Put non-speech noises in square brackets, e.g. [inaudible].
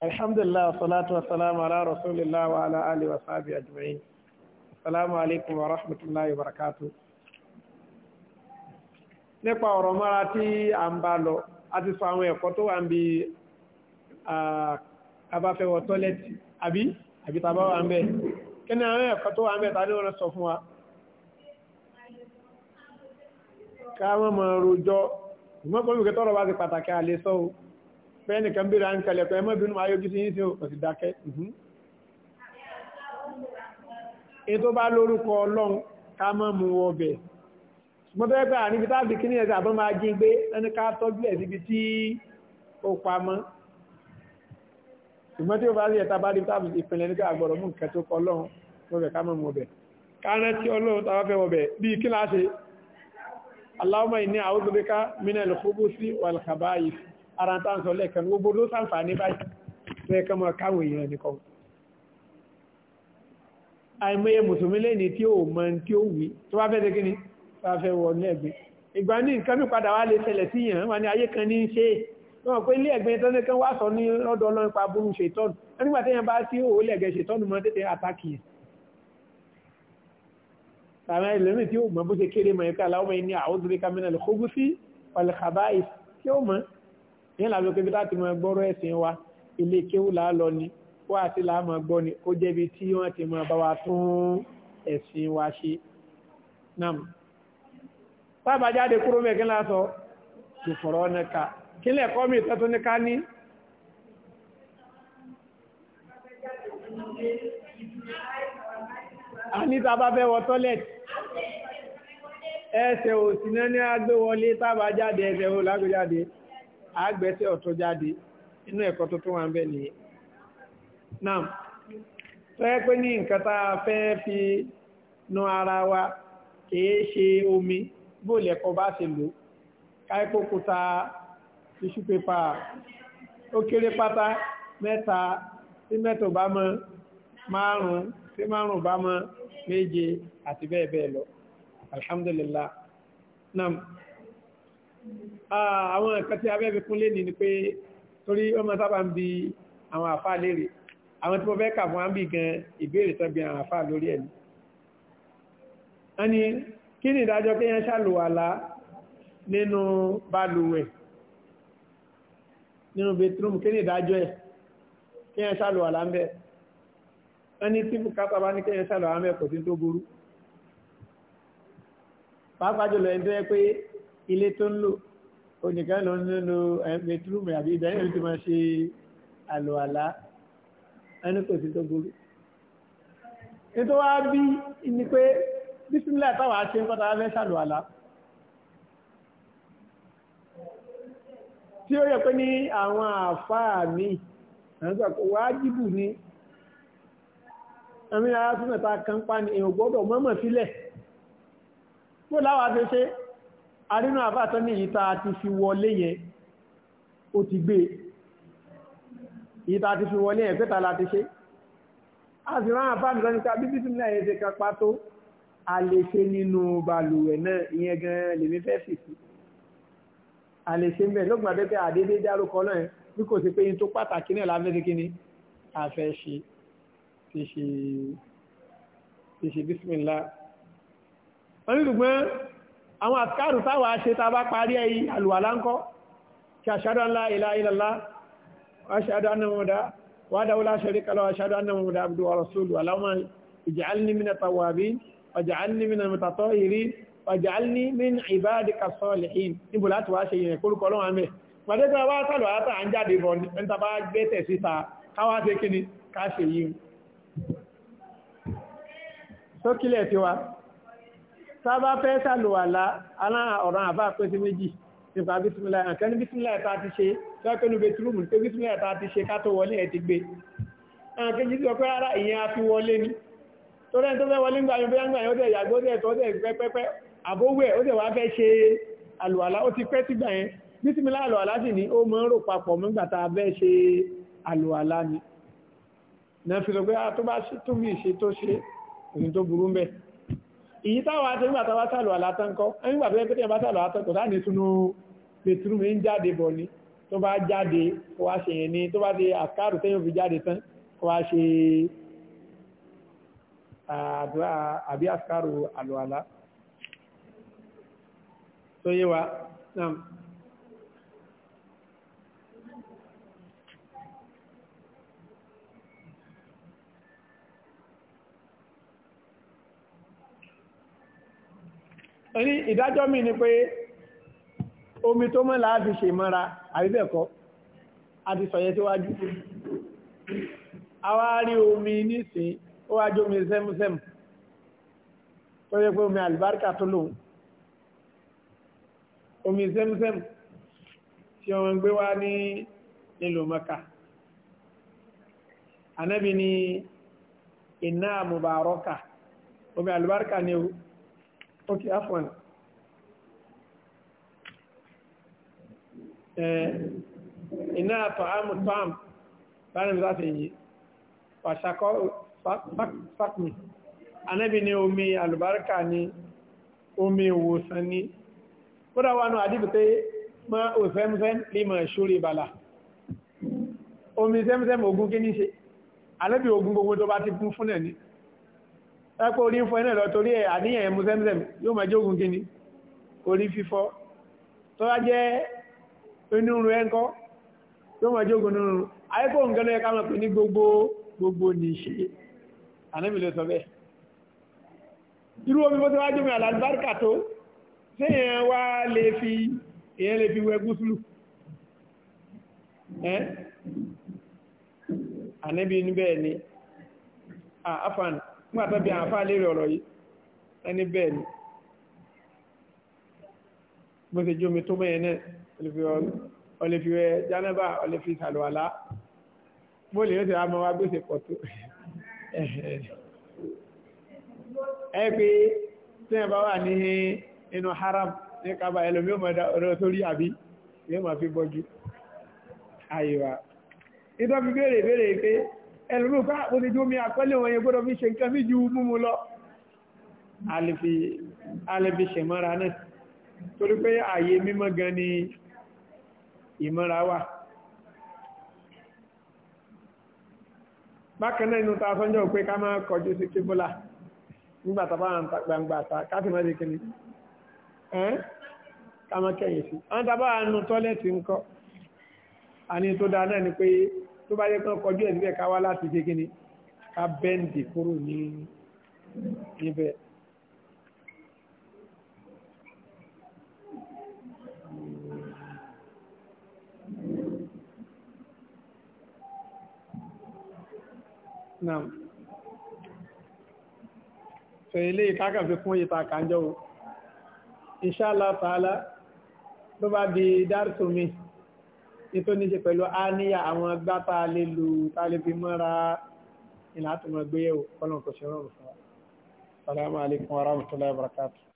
alhamdulillah salatu wa salamu ala rasulillah wa ala ali wa sahbihi ajma'in assalamu alaikum wa rahmatullahi wa barakatuh nípa ọ̀rọ̀ mọ́ra tí a ń bá lọ a ti sọ àwọn ẹ̀kọ́ tó wà ń bi abáfẹ́wọ̀ tọ́lẹ̀tì àbí àbí tàbá wà ń bẹ̀ kí ni àwọn ẹ̀kọ́ tó wà ń bẹ̀ tàbí wọ́n sọ fún wa káwọn mọ̀ rojọ́ ìmọ́kànlùkẹ́ fẹ́ẹ̀nì kan bèèrè àǹkalẹ̀ pẹ̀lú ẹmọ́ ìbínú ayójú sí yín sí òsì dákẹ́ mhm. in tó bá lórúkọ ọlọ́run ká mọ́ mú ọbẹ̀ mọ́ bẹ́ẹ̀ pé àníbi tábí kí ní ẹ̀sẹ̀ àbọ́ máa jí gbé ẹni ká tọ́jú ẹ̀ síbi tí ó pamọ́ ìmọ́ tí ó bá rí ẹ̀ta bá rí tábí ìpínlẹ̀ ní àgbọ̀rọ̀ mú nǹkan tó kọ ọlọ́run ọbẹ̀ ká mọ́ mú ọbẹ̀ kárẹ́ tí ọlọ́run tàbá fẹ́ ọbẹ̀ bíi kí láṣe Allahumma inni a'udhu bika minal khubuthi wal khaba'ith ara tá ń sọ lẹ́ẹ̀kan gbogbo ló sàǹfààní báyìí tó yẹ kọmọ káwọn èèyàn ni bá fẹ́ wọ ní ẹgbẹ́ ìgbà ní nǹkan mi padà wá lè ṣẹlẹ̀ sí yàn wà ní ayé kan ní í ṣe wọn pé ilé ẹgbẹ́ tó ní kan wá sọ ní ọ̀dọ̀ Ọlọ́run pa burú ṣètọ́nù nígbà tí yẹn bá sí òwò lẹ́gẹ̀ ṣètọ́nù mọ́ tètè àtàkì yẹn àwọn ẹlẹ́mì tí ó mọ bó ṣe kéré mọ̀ ẹ̀ka aláwọ̀ ẹni àwọn òdúrí kámẹ́nà kó bú sí ọ̀lẹ́kàbáyé tí ó mọ̀ yẹn làbí pé bíta ti mọ gbọ́rọ̀ ẹ̀sìn wa ilé kéwù láàlọ́ ni wá àti láàmọ̀ gbọ́ ni kó jẹ́bi tí wọ́n ti mọ bá wa tún ẹ̀sìn wa ṣe nam bàbá jáde kúrò mẹ́kí lásọ kò fọ̀rọ̀ nẹ́ka kí lẹ́kọ́ mi tẹ́tún ní ká ní àní tàbá fẹ́ wọ tọ́lẹ̀tì ẹsẹ̀ òsì náà ní agbéwọlé tàbá jáde ẹsẹ̀ àgbẹ̀sẹ̀ ọ̀tọ̀ jáde inú ẹ̀kọ́ tó tó wà ń bẹ̀ nìyẹn náà tọ́yẹ́ pé ní nǹkan tá a fẹ́ fi nu ara wa kìí ṣe omi bóòlù ẹ̀kọ́ bá ṣe lò káíkókúta tissue paper ó kéré pátá mẹ́ta sí mẹ́tò bá mọ́ márùn-ún sí márùn-ún bá mọ́ méje àti bẹ́ẹ̀ bẹ́ẹ̀ lọ alhamdulillah náà Ah, àwọn nǹkan tí abẹ́bí kún lè ní ni pé torí ó máa sábà ń bi àwọn àfáà léèrè àwọn tí mo fẹ́ kà fún àmì gan ìbéèrè tán bí àwọn àfáà lórí ẹ̀mí wọ́n ni kí ni ìdájọ́ pé yẹn ṣàlùwàlá nínú balùwẹ̀ nínú bẹtírùmù kí ni ìdájọ́ ẹ̀ kí yẹn ṣàlùwàlá ń bẹ̀ wọ́n ní tí bùkátà bá ní kí yẹn ṣàlùwàlá ń bẹ̀ kò sí tó burú pàápàá jùlọ ẹni tó yẹ pé ilé tó ń lò onìkan lọ nínú bẹtúrúmù àbí ìbẹ̀rẹ̀ ló ti máa ṣe àlùwàlá ẹni kò sí tó burú. ètò wa bí ni pé bísímìlà táwọn àti ń kọ́ta fẹ́ ṣàlùwàlá. tí ó yẹ pé ní àwọn àfáà mi àwọn àpò ni àmì ara tó mẹ́ta kan pa ni èèyàn gbọ́dọ̀ mọ́mọ́ sílẹ̀. bó láwa ti ṣe arínú àbátọ́ ní ìta ti fi wọlé yẹn ó ti gbé ìta ti fi wọlé yẹn pẹ́ta láti ṣe a sì rán àpá nìkan nípa bí títí náà yẹn ṣe kápá tó a lè ṣe nínú balùwẹ̀ náà ìyẹn gan-an lèmi fẹ́ sì sí a lè ṣe ń bẹ̀ lóògùn àdédé dárúkọ náà bí kò sí pé yín tó pàtàkì náà láfẹ́ sí kíni a fẹ́ ṣe ṣe ṣe bísímìlá àwọn àkàrù táwà ṣe ta bá parí ẹ̀yí àlùwàlá ńkọ́ kí ashhadu an la ilaha illallah wa ashhadu anna muhammadan wahdahu la sharika lahu wa ashhadu anna muhammadan abduhu wa rasuluhu allahumma ij'alni minat tawwabin waj'alni minal mutatahhirin waj'alni min ibadika salihin níbo láti wá ṣe yẹn kórúkọ lọ́wọ́ àmì pàdé tí sábà fẹ́ sàlùwàlá ọ̀ràn àbá pé sí méjì nípa bísímìlá àǹkan ní bísímìlá ẹ̀ta ti ṣe lọ́pẹ́nu bẹtúrùmù pé bísímìlá ẹ̀ta ti ṣe kátó wọlé ẹ̀ ti gbé àǹkejì sọ pé rárá ìyẹn a fi wọlé ni tó rẹ̀ tó fẹ́ wọlé ń gbàyàn bóyá ń gbàyàn ó dẹ̀ yàgbó dẹ̀ tó dẹ̀ pẹ́pẹ́pẹ́ àbówẹ̀ ó dẹ̀ wá fẹ́ ṣe àlùwàlá ó ti pẹ́ ti gbà yẹn bísímìlá àlùwàlá sì ni ó máa ń rò papọ̀ nígbà tá a fẹ́ ṣe àlùwàlá ni náà fi sọ pé ah, tó bá tó bí ìṣe tó ṣe òsì tó burú ń bẹ́ẹ̀ èyí táwọn àti nígbà táwọn sàlọ̀ àlátànkọ́ nígbà tó pẹ́ tẹ́yàn bá sàlọ̀ àlátànkọ́ láti túnú pẹ̀tùrù mi ń jáde bọ̀ ni tó bá jáde kó wá ṣe yẹn ni tó bá ti àkárù tẹ́yàn fi jáde tán kó wá ṣe àdúrà àbí àkárù àlọ́ àlá tó yé wa náà ẹni ìdájọ́ mi ni pé omi tó mọ́ láàfi ṣe mọ́ra àríbẹ̀kọ́ àti sọ̀yẹ́ tó wájú àwa rí omi nísìn ó wájú omi sẹ́mùsẹ́mù tó yẹ pé omi àlùbáríkà tó lòun omi sẹ́mùsẹ́mù tí wọ́n gbé wá ní nílùú Mẹ́kà anábì ni iná mubaraka omi àlùbáríkà ni o ok afwan iná tọ́hámù tọ́hámù báyìí mi láti yìí pàṣàkọ́ fákùn anábì ní omi alùbáríkà ní omi ìwòsàn ní kódà wà náà àdíbì pé mọ́ òfẹ́mfẹ́m límọ̀ ṣúrí ìbàlá omi sẹ́mfẹ́m ogun kí ní ṣe ogun gbogbo tó bá ti kún fún ẹ̀ ẹpẹ́ orí ń fọ́ ẹ̀nà lọ ẹ̀ àníyàn ẹ̀mú sẹ́mìsẹ̀m yóò máa jógun kí ni orí fífọ́ tó bá jẹ́ onírun ẹ̀ńkọ́ yóò máa jógun nírun ayẹ́kọ́ nǹkan ló yẹ ká máa pè ní gbogbo gbogbo nìṣe ànábì ló sọ bẹ́ẹ̀ irú omi bó ti wá jómi àlàlùbáríkà tó séèyàn wá lè fi èèyàn lè fi wẹ gúúsùlù ẹ́ ànábì níbẹ̀ ni afan fún àtọ́bí àǹfà lérí ọ̀rọ̀ yìí ẹni bẹ́ẹ̀ ni bó ṣe jómi tó mẹ́yẹn náà ọlẹ́fiwẹ́ jánábà ọlẹ́fi sàlùwàlá bó lè lọ́sẹ̀ àmọ́ wa gbèsè pọ̀ tó [laughs] ẹ pé tí wọ́n bá wà ní inú haram ní kaba ẹlòmí ọmọ ọ̀rọ̀ tó rí àbí yóò máa fi bọ́jú àyíwá ìtọ́ fi béèrè béèrè pé ẹlòmíì ká ó ti jó mi àpẹẹlẹ òun yẹn gbọ́dọ̀ fi ṣe nǹkan fi ju múmu lọ alẹ́fi ṣèmọ́ra náà torí pé ààyè mímọ́ gan ni ìmọ́ra wà bákan náà inú ta sọ́njọ́ pé ká máa kọjú sí kíbúlà nígbàtà bá ń gbangba ta káfí máa di àwọn tàbá tó bá yẹ kán kọjú ẹ̀ níbẹ̀ ká wá láti ṣe kí ni ká bẹ́ǹdì kúrò ní níbẹ̀. Naam. So ilé ìkákàfẹ́ fún ìta kànjọ́ o. Inshallah ta'ala ló bá di dárítò mi nítorí ní ṣe pẹ̀lú àníyà àwọn gbá tá a lè lù tá a lè fi mọ́ra ìlàtúmọ̀ gbéyẹ̀wò kọ́lọ̀ kò ṣe rọrùn fún wa.